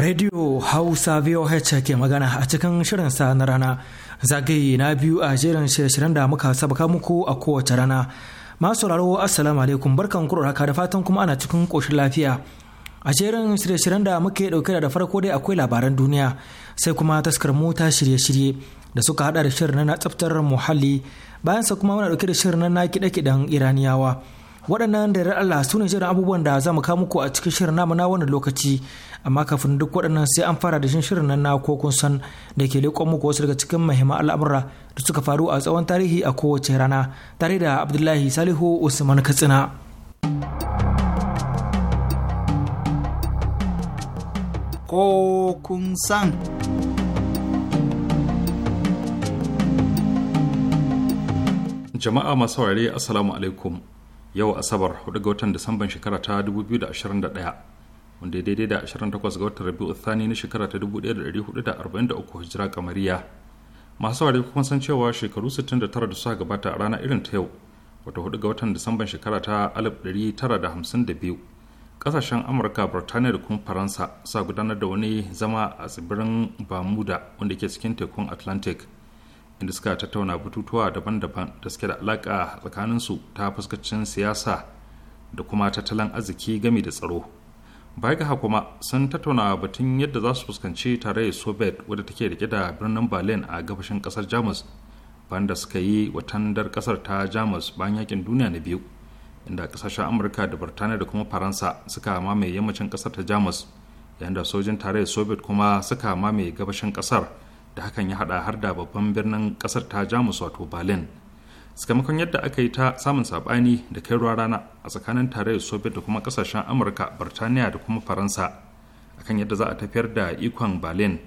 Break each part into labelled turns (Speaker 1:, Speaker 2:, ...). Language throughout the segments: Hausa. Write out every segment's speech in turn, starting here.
Speaker 1: Radio Hausa VOH ke magana a cikin shirinsa na rana zagaye na biyu a jerin shirin da muka sabaka muku a kowace rana. Masu raro Assalamu alaikum barkan kuro haka da fatan kuma ana cikin koshin lafiya. A jerin shirye-shiryen da muke ɗauke da farko dai akwai labaran duniya sai kuma taskar mota shirye-shirye da suka hada da shirin na tsaftar muhalli bayan sa kuma muna dauke da shirin na kiɗe-kiɗen Iraniyawa. waɗannan da Allah su ne shirin abubuwan da za mu kawo muku a cikin shirin namu na wannan lokaci amma kafin duk waɗannan sai an fara da shirin nan na ko kun san da ke leƙon muku wasu daga cikin muhimman al'amura da suka faru a tsawon tarihi a kowace rana tare da Abdullahi Salihu Usman Katsina.
Speaker 2: Ko kun san.
Speaker 3: Jama'a masu saurare Assalamu alaikum. yau asabar 4 ga watan disamban shekara ta 2021 wanda ya daidai da 28 ga watan rabiu thani na shekara ta 1443 hijira kamariya masu ware kuma san cewa shekaru 69 da suka gabata a rana irin ta yau wata 4 ga watan disamban shekara ta 1952 kasashen amurka birtaniya da kuma faransa sa gudanar da wani zama a tsibirin bamuda wanda ke cikin tekun atlantic inda suka tattauna batutuwa daban-daban da suke da alaƙa tsakaninsu ta fuskacin siyasa da kuma tattalin arziki gami da tsaro baya ga kuma sun tattauna batun yadda za su fuskanci tarayyar soviet wadda take rike da birnin berlin a gabashin kasar jamus bayan da suka yi watandar kasar ta jamus bayan yakin duniya na biyu inda kasashen amurka da birtaniya da kuma faransa suka mamaye yammacin kasar ta jamus yayin da sojin tarayyar soviet kuma suka mamaye gabashin kasar da hakan ya hada har da babban birnin kasar ta jamus wato berlin sakamakon yadda aka yi ta samun sabani da kai ruwa rana a tsakanin tarayyar soviet da kuma kasashen amurka birtaniya da kuma faransa akan yadda za a tafiyar da ikon berlin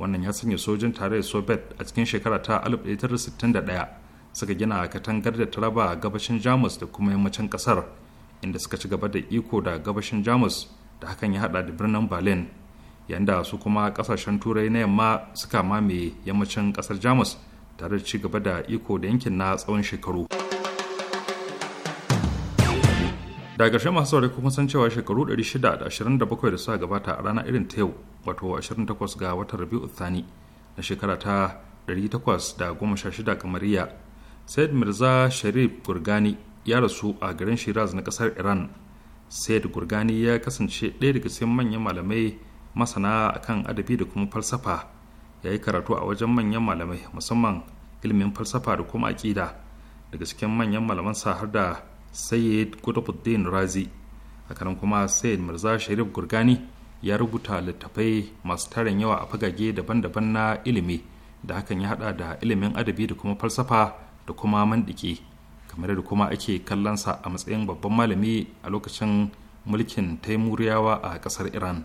Speaker 3: wannan ya sanya sojin tarayyar soviet a cikin shekara ta 1961 suka gina katangar da ta raba gabashin jamus da kuma yammacin kasar inda suka ci gaba da iko da gabashin jamus da hakan ya hada da birnin berlin yanda su kuma kasashen turai na yamma suka mame yammacin kasar jamus tare da ci gaba da iko da yankin na tsawon shekaru da ƙarshe masu saurari kuma san cewa shekaru 627 da suka gabata a rana irin ta yau wato 28 ga watan rabi'u thani na shekara ta 816 kamariya said mirza sharif gurgani ya rasu a garin shiraz na kasar iran said gurgani ya kasance ɗaya daga cikin manyan malamai masana akan adabi da kuma falsafa ya yi karatu a wajen manyan malamai musamman ilimin falsafa da kuma aƙida daga cikin manyan malaman sa har da sayyid kutubuddin razi a kuma sayyid mirza sharif gurgani ya rubuta littattafai masu tarin yawa a fagage daban-daban na ilimi da hakan ya hada da ilimin adabi da kuma falsafa da kuma mandiki kamar da kuma ake kallonsa a matsayin babban malami a lokacin mulkin taimuriyawa a ƙasar iran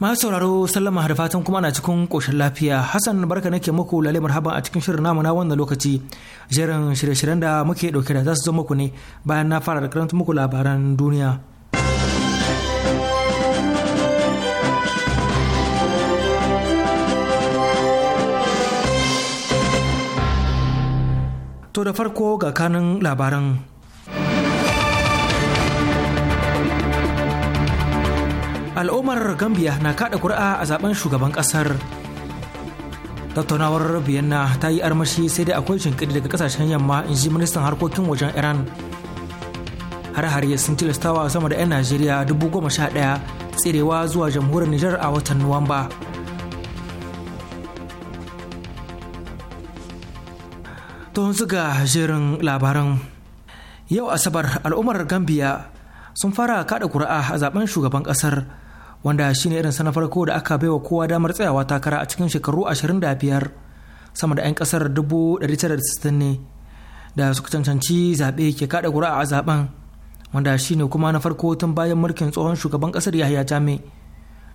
Speaker 1: Masu sauraro sallama da fatan kuma na cikin koshin lafiya Hassan barka nake muku lalle marhaban a cikin shirin namu na wannan lokaci jerin shirye-shiryen da muke ɗauke da za su zo muku ne bayan na fara da karanta muku labaran duniya. To da farko ga kanin labaran al'ummar gambia na kada kuri'a a zaben shugaban kasar tattaunawar vienna ta yi armashi sai dai akwai shinkiri daga kasashen yamma in ji ministan harkokin wajen iran har-har sun tilastawa sama da 'yan najeriya dubu goma sha ɗaya tserewa zuwa jamhuriyar nijar a watan nuwamba tun zuga jerin labaran yau asabar al'ummar gambia sun fara kada kuri'a a zaben shugaban kasar wanda shine irin na farko da aka baiwa kowa damar tsayawa takara a cikin shekaru 25 sama da 'yan kasar 1960 ne da suka cancanci zaɓe ke kada gura a zaben wanda shine kuma na farko tun bayan mulkin tsohon shugaban kasar yahaya jami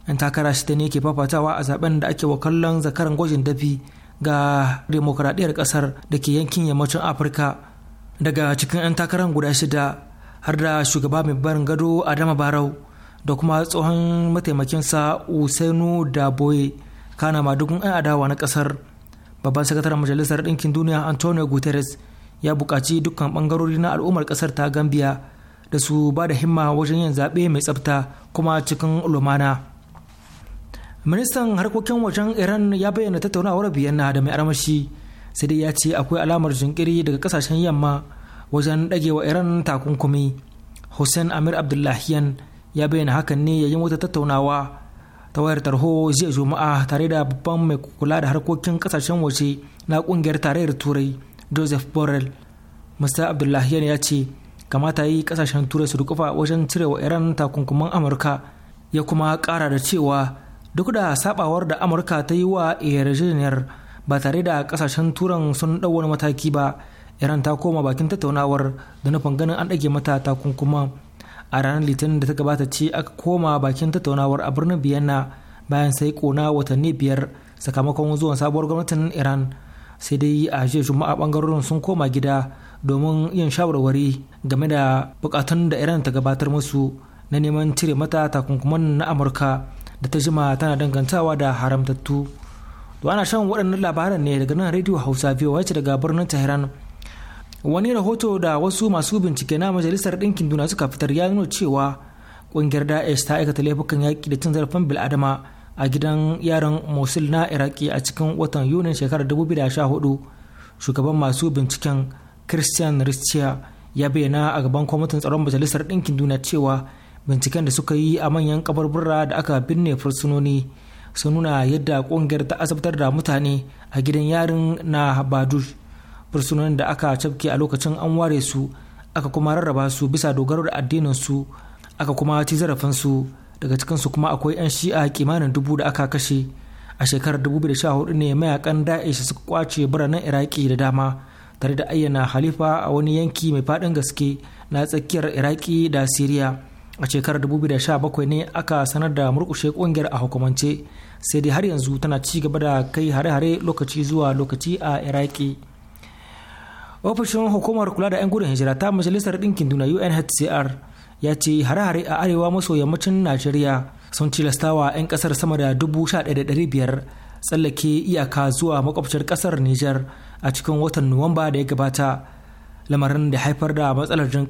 Speaker 1: yan takara shida ne ke fafatawa a zaben da ake wa kallon zakaran gwajin dafi ga demokradiyyar kasar da ke yankin yammacin afirka daga cikin yan takarar guda shida har da shugaba mai barin gado adama barau da kuma tsohon mataimakinsa usainu boye kana dukkan 'yan adawa na kasar babban sakataren majalisar ɗinkin duniya antonio guterres ya buƙaci dukkan ɓangarori na al'ummar ƙasar ta gambia da su ba da himma wajen yin zaɓe mai tsafta kuma cikin lumana ministan harkokin wajen iran ya bayyana tattaunawar biyanna da mai armashi sai dai ya ce akwai alamar jinkiri daga kasashen yamma wajen ɗagewa iran takunkumi hussein amir abdullahiyan ya bayyana hakan ne yayin wata tattaunawa ta wayar tarho jiya juma'a tare da babban mai kula da harkokin kasashen waje na kungiyar tarayyar turai joseph borrell mr abdullahian ya ce kamata yi kasashen turai su dukufa wajen cire wa iran takunkuman amurka ya kuma kara da cewa duk da sabawar da amurka ta yi wa yarjejeniyar ba tare da kasashen turan sun dau wani mataki ba iran ta koma bakin tattaunawar da nufin ganin an ɗage mata takunkuman. a ranar litinin da ta gabata ce aka koma bakin tattaunawar a birnin vienna bayan sai kona watanni biyar sakamakon zuwan sabuwar gwamnatin iran sai dai a jiya juma'a bangarorin sun koma gida domin yin shawarwari game da bukatun da iran ta gabatar musu na neman cire mata takunkuman na amurka da ta jima tana dangantawa da haramtattu to ana shan waɗannan labaran ne daga nan rediyo hausa biyu wacce daga birnin tehran wani rahoto da wasu masu bincike na majalisar ɗinkin duniya suka fitar ya nuna cewa ƙungiyar daesh ta aikata laifukan yaƙi da cin zarafin bil'adama a gidan yaran mosul na iraki a cikin watan yunin shekarar 2014 shugaban masu binciken christian ristia ya bayyana a gaban kwamitin tsaron majalisar ɗinkin duniya cewa binciken da suka yi a manyan kabarbura da aka binne fursunoni sun nuna yadda ƙungiyar ta asabtar da mutane a gidan yarin na badush fursunonin da aka cafke a lokacin an ware su aka kuma rarraba su bisa dogaro da addinin su aka kuma ci zarafinsu daga cikinsu kuma akwai 'yan shi'a kimanin dubu da aka kashe a shekarar 2014 ne mayakan da'ish suka kwace biranen iraki da dama tare da ayyana halifa a wani yanki mai faɗin gaske na tsakiyar iraki da siriya a shekarar 2017 ne aka sanar da murkushe kungiyar a hukumance sai dai har yanzu tana ci gaba da kai hare-hare lokaci zuwa lokaci a iraki ofishin hukumar kula da 'yan gudun hijira ta majalisar ɗinkin duniya unhcr ya ce hare-hare a arewa maso yammacin najeriya sun cilastawa 'yan ƙasar sama da biyar tsallake iyaka zuwa makwabciyar ƙasar niger a cikin watan nuwamba da ya gabata lamarin da haifar da matsalar jin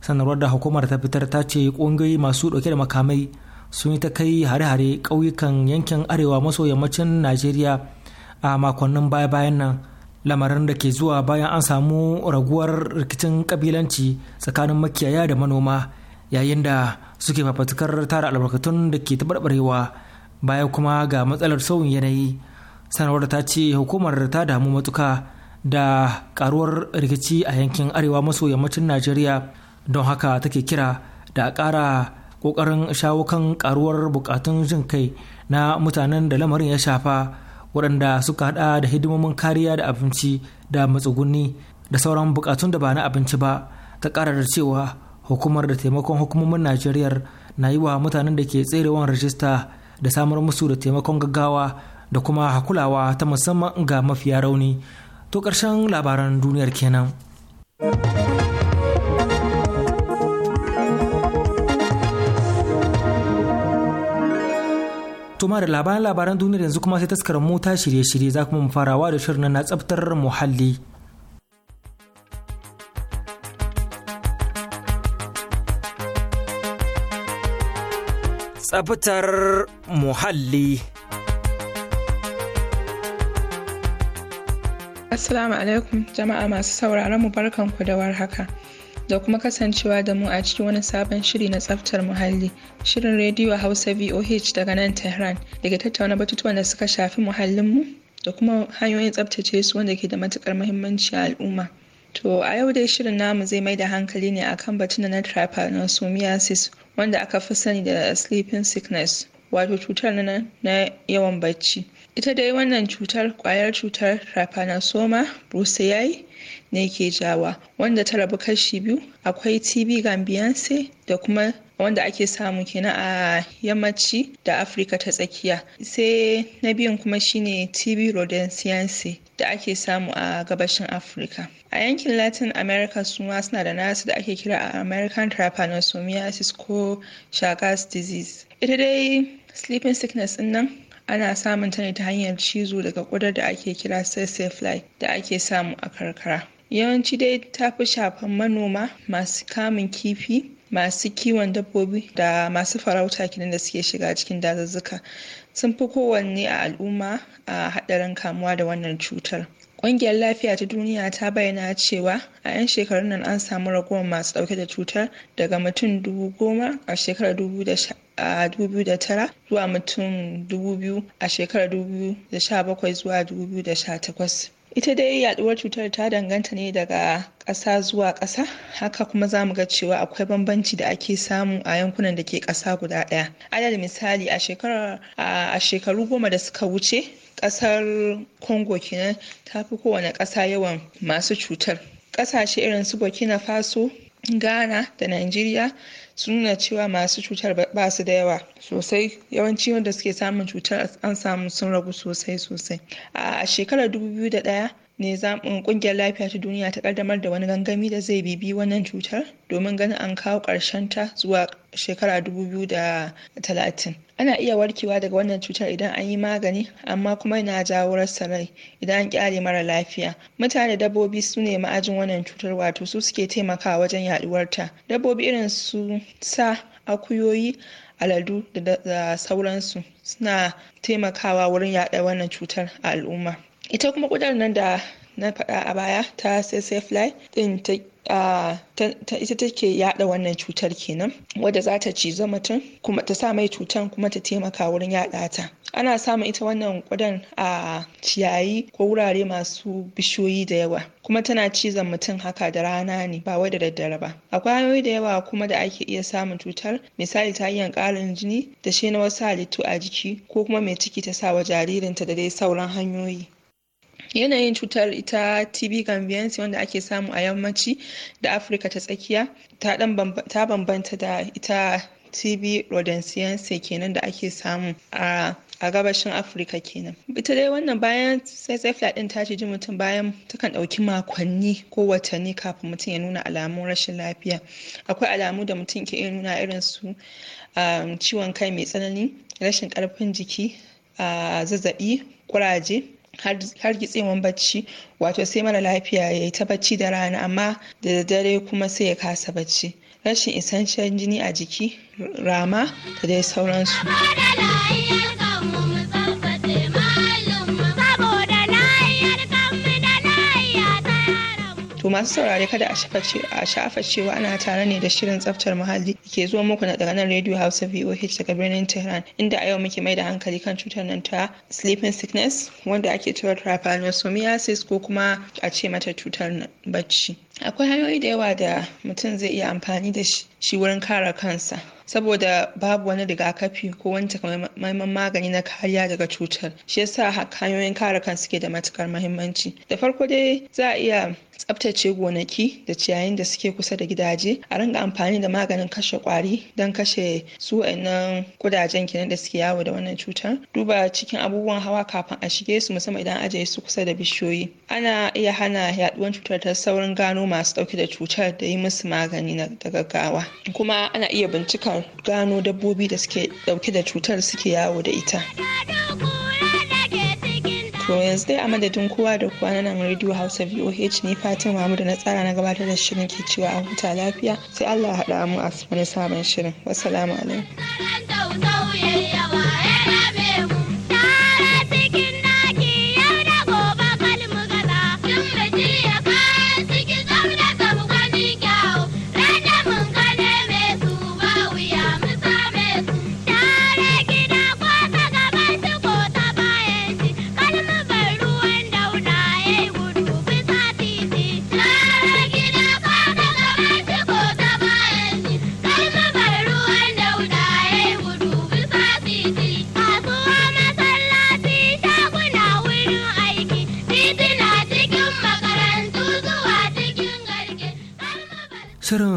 Speaker 1: sanarwar da hukumar ta fitar ta ce ƙungiyoyi masu ɗauke da makamai sun yi ta kai hare-hare ƙauyukan yankin arewa maso yammacin najeriya a makonnin baya-bayan nan lamarin da ke zuwa bayan an samu raguwar rikicin kabilanci tsakanin makiyaya da manoma yayin da suke fafatukar tara albarkatun da ke taɓarɓarewa baya kuma ga matsalar sauyin yanayi sanarwar ta ce hukumar ta damu matuka da karuwar rikici a yankin arewa maso yammacin najeriya don haka take kira da a ƙara ƙoƙarin shawo kan karuwar bukatun jin kai na mutanen da lamarin ya shafa waɗanda suka hada da hidimomin kariya da abinci da matsuguni da sauran bukatun da ba na abinci ba ta ƙara da cewa hukumar da taimakon hukumomin najeriya na yi wa mutanen da ke tserewan rajista da samar musu da taimakon gaggawa da kuma hakulawa ta musamman ga mafiya rauni to ƙarshen labaran duniyar kenan. Tuma da labaran labaran duniyar yanzu kuma sai taskarar mota shirye-shirye za kuma mu farawa da shirin na tsabtar muhalli. Tsabtar muhalli.
Speaker 4: Assalamu alaikum jama'a masu sauraron mu barkanku da warhaka. haka. da kuma kasancewa da mu a cikin wani sabon shiri na tsaftar muhalli shirin rediyo hausa voh daga nan tehran da ke tattauna batutuwan da suka shafi muhallinmu da kuma hanyoyin tsaftace su wanda ke da matukar muhimmanci a al'umma to a yau dai shirin namu zai mai da hankali ne akan batun na trypanosomiasis wanda aka fi sani da sleeping sickness wato cutar na, na yawan bacci ita dai wannan cutar kwayar cutar trypanosoma brucei ne ke jawa wanda ta rabu kashi biyu akwai tb gambiyanse da kuma wanda ake samu kenan a yammaci da afirka ta tsakiya sai na biyun kuma shine tb rodensiyanse da ake samu a gabashin afirka a yankin latin america suma suna da nasu da ake kira a american trypanosomiasis ko chagas disease ita dai sleeping sickness nan ana samun ta ne ta hanyar cizo daga ƙudar da ake kira sassafly da ake samu a karkara yawanci dai ta fi shafan manoma masu kamun kifi masu kiwon dabbobi da masu farauta kenan da suke shiga cikin dazuzzuka sun fi kowanne a al'umma a haɗarin kamuwa da wannan cutar Ƙungiyar Lafiya ta Duniya ta bayyana cewa a 'yan shekarun nan an samu ragowar masu ɗauke da cutar daga mutum dubu goma a shekarar dubu da a 2009 zuwa mutum 2000 a shekarar 2017 zuwa 2018 ita dai yaduwar cutar ta danganta ne daga ƙasa zuwa ƙasa haka kuma za mu ga cewa akwai bambanci da ake samu a yankunan da ke ƙasa guda ɗaya adal misali a shekaru goma da suka wuce ƙasar congo kenan ta fi kowane ƙasa yawan masu cutar ƙasashe irin su burkina faso ghana da nigeria sun nuna cewa masu cutar ba su da yawa sosai yawanci wanda suke samun cutar an samu sun ragu sosai sosai a shekarar 2001 ne ƙungiyar lafiya ta duniya ta ƙaddamar da wani gangami da zai bibi wannan cutar domin ganin an kawo ta zuwa shekara 2030 ana iya warkewa daga wannan cutar idan an yi magani amma kuma yana jawo rasa rai idan an kyale mara lafiya mutane dabbobi su ne ma'ajin wannan cutar wato su suke taimakawa wajen ta dabbobi irin su sa akuyoyi aladu da sauransu suna taimakawa wurin yaɗa wannan cutar a al'umma ita kuma kudar nan da na faɗa a baya ta fly din ta ita take yaɗa wannan cutar kenan wadda za ta ciza mutum kuma ta sa mai cutar kuma ta taimaka wurin yaɗa ta ana samun ita wannan ƙudan a ciyayi ko wurare masu bishiyoyi da yawa kuma tana cizon mutum haka da rana ne ba wai da daddare ba akwai hanyoyi da yawa kuma da ake iya samun cutar misali ta hanyar ƙarin jini da shi na wasu halittu a jiki ko kuma mai ciki ta sa wa jaririnta da dai sauran hanyoyi yanayin cutar ita tb gambiyansi wanda ake samu a yammaci da afirka ta tsakiya ta bambanta da ita tb rodensiyansi kenan da ake samu a gabashin afirka kenan ita dai wannan bayan tsaitsaifiya din ta ji mutum bayan takan ɗauki makonni ko watanni kafin mutum ya nuna alamun rashin lafiya akwai alamu da mutum ke iya nuna irin su um, ciwon kai mai tsanani rashin karfin jiki um, zazzaɓi kuraje har gitsewan bacci wato sai mara lafiya ya yi ta bacci da rana amma da daddare kuma sai ya kasa bacci rashin isasshen jini a jiki rama da dai sauransu To masu saurare kada a shafa cewa ana tare ne da shirin tsaftar muhalli da ke zuwa muku daga nan Radio Hausa VOH daga birnin Tehran inda a yau muke mai da hankali kan cutar nan ta sleeping sickness wanda ake cewa trypanosomiasis ko kuma a ce mata cutar bacci. Akwai hanyoyi da yawa da mutum zai iya amfani da shi wurin kare kansa. saboda babu wani rigakafi ko wani takamaiman magani na kariya daga cutar shi yasa hanyoyin kare kan suke da matukar mahimmanci da farko dai za a iya tsabtace gonaki da ciyayin da suke kusa da gidaje a ringa amfani da maganin kashe kwari don kashe su nan kudajen kenan da suke yawo da wannan cutar duba cikin abubuwan hawa kafin a shige su musamman idan ajiye su kusa da bishiyoyi ana iya hana yaduwar cutar ta saurin gano masu dauke da cutar da yi musu magani da gaggawa kuma ana iya bincika. gano dabbobi da suke dauke da cutar suke yawo da ita to yanzu dai a madadin kowa da kowa na nan radio hausa voh ne fatima mamu da na tsara na gabatar da shirin ke cewa an huta lafiya sai allah haɗa mu a sabon shirin wassalamu alaikum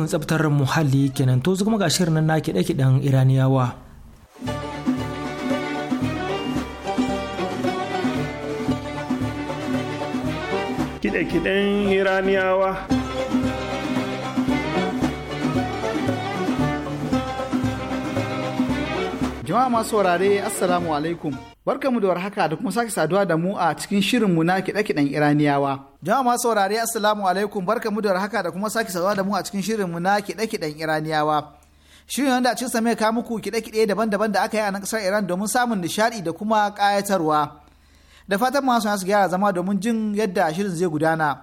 Speaker 1: tsabtar muhalli kenan to kuma ga shirin na kiɗe-kiɗen iraniyawa
Speaker 5: kiɗe-kiɗen
Speaker 2: iraniyawa jama'a masu wurare assalamu alaikum Barkanmu da warhaka da kuma sake saduwa da mu a cikin shirinmu na kiɗe-kiɗen Iraniyawa. Jama'a masu saurari Assalamu alaikum barkanmu da warhaka da kuma sake saduwa da mu a cikin shirinmu na kiɗe-kiɗen Iraniyawa. Shirin wanda a cikin sa ka muku kiɗe-kiɗe daban-daban da aka yi a nan ƙasar Iran domin samun nishaɗi da kuma ƙayatarwa. Da fatan masu su gyara zama domin jin yadda shirin zai gudana.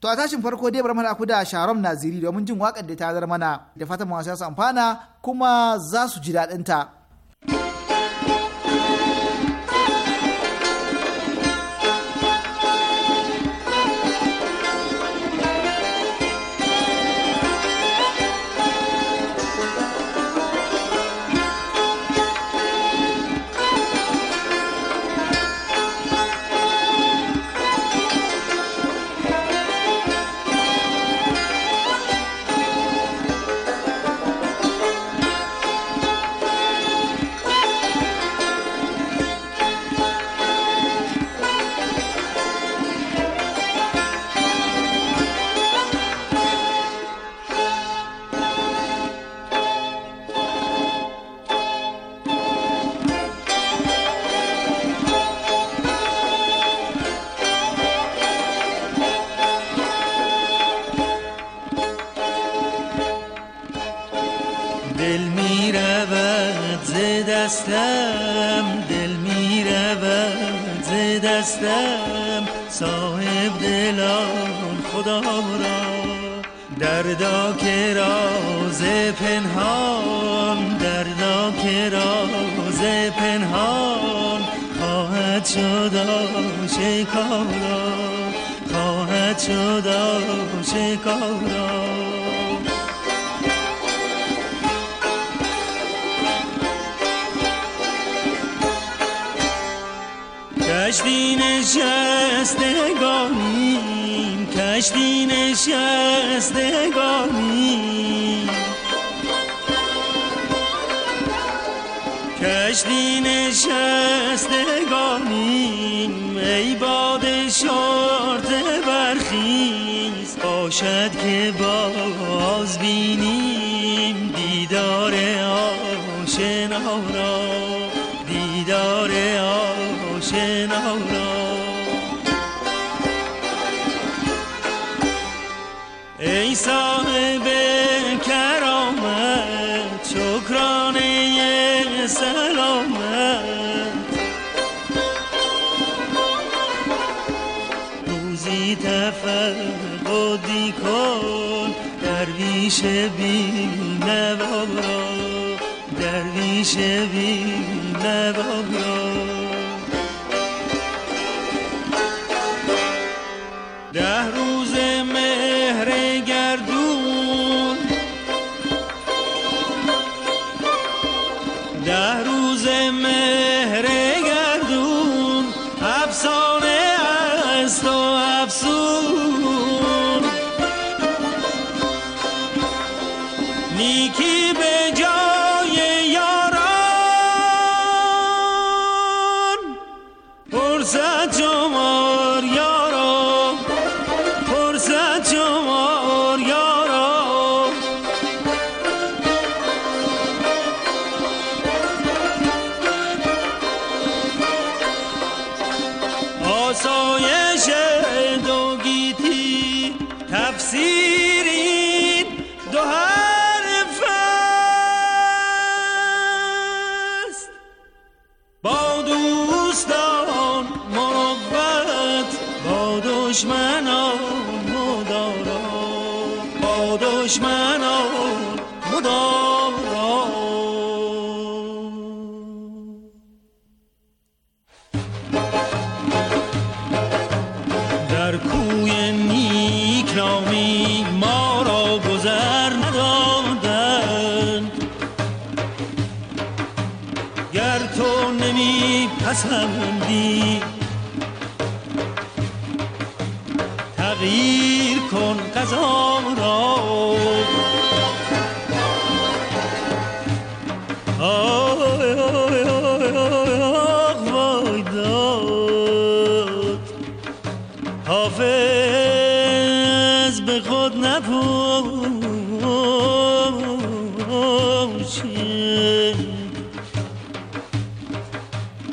Speaker 2: To a tashin farko dai bar mana ku da Sharon Naziri domin jin waƙar da ta zar mana. Da fatan masu su amfana kuma za su ji daɗinta. ta.
Speaker 5: نشستگانیم کشتی نشستگانیم کشتی نشستگانیم ای باد شارت برخیز باشد که باز بینیم دیدار آشنا را صاحب کرامت شکرانه سلامت روزی تفقدی درویش بی نواب را درویش بی نواب را دشمنان مدارا با دشمنان به خود نپوشی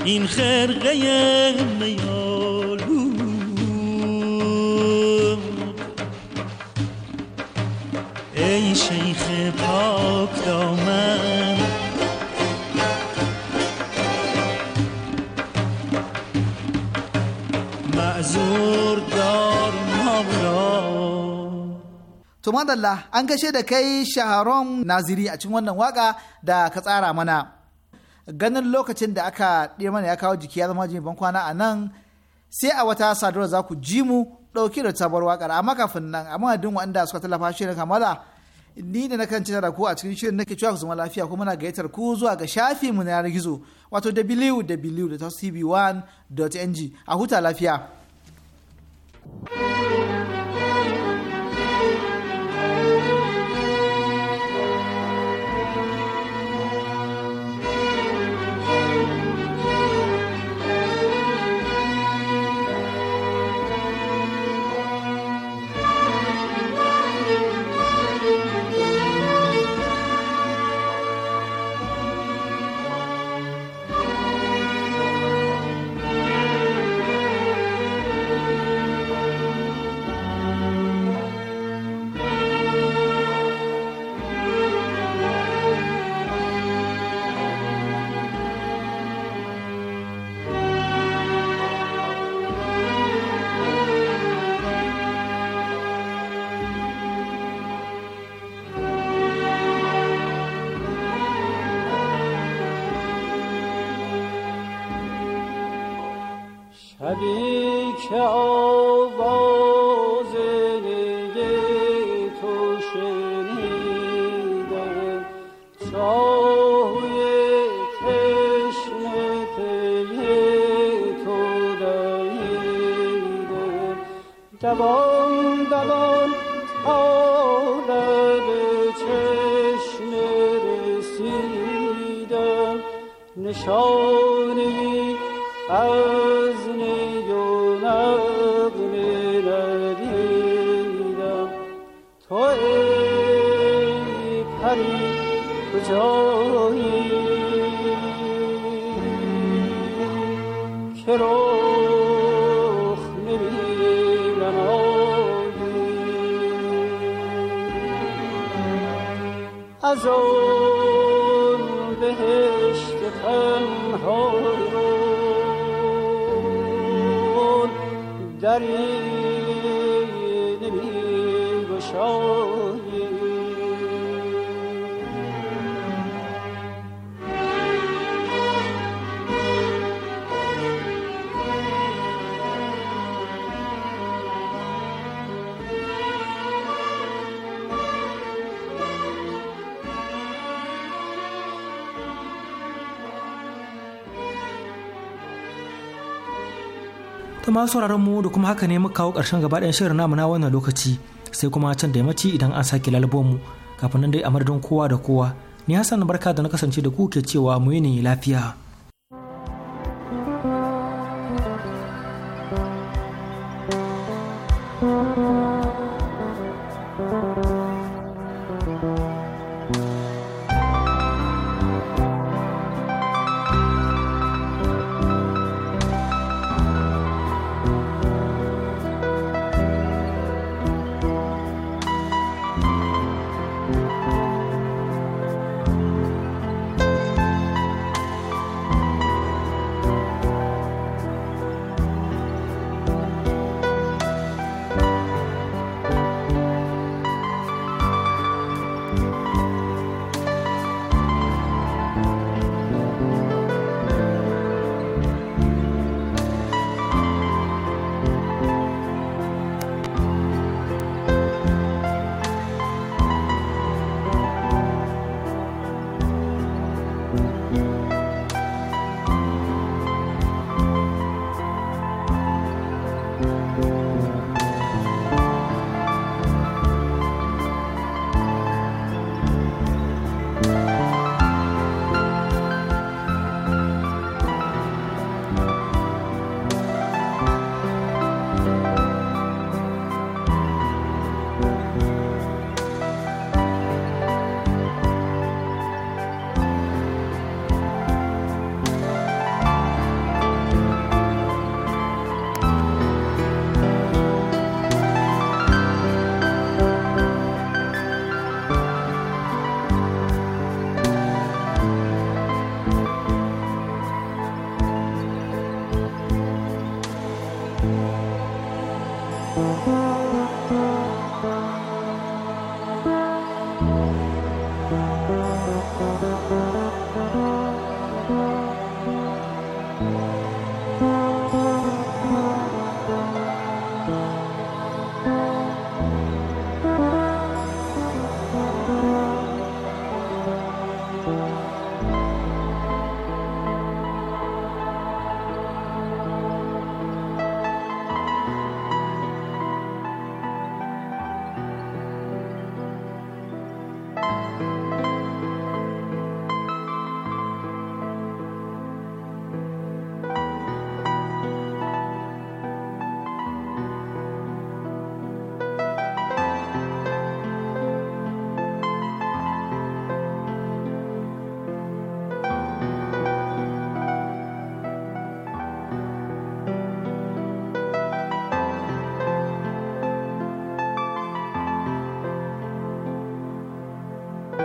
Speaker 5: این خرقه میالو ای شیخ پاک دامن
Speaker 2: To madalla an kashe da kai shaharon naziri a cikin wannan waka da ka tsara mana. Ganin lokacin da aka ɗi mana ya kawo jiki ya zama ban kwana a nan sai a wata sadarwa za ku ji mu ɗauki da tabar wakar amma kafin nan a madadin waɗanda suka tallafa shirin kamala ni da na kan da ku a cikin shirin nake cewa ku zama lafiya kuma na gayyatar ku zuwa ga shafi mu na yanar gizo wato www.tv1.ng a huta lafiya.
Speaker 5: Tabii ki o زان بهشت تنها رو دری نمی گشاد
Speaker 1: kuma sauraron mu da kuma haka ne muka kawo ƙarshen gaba ɗayan shirin namu na wannan lokaci sai kuma can da yammaci idan an sake lalbon mu kafin nan dai a madadin kowa da kowa ni Hassan barka da na kasance da ku ke cewa mu yi ne lafiya.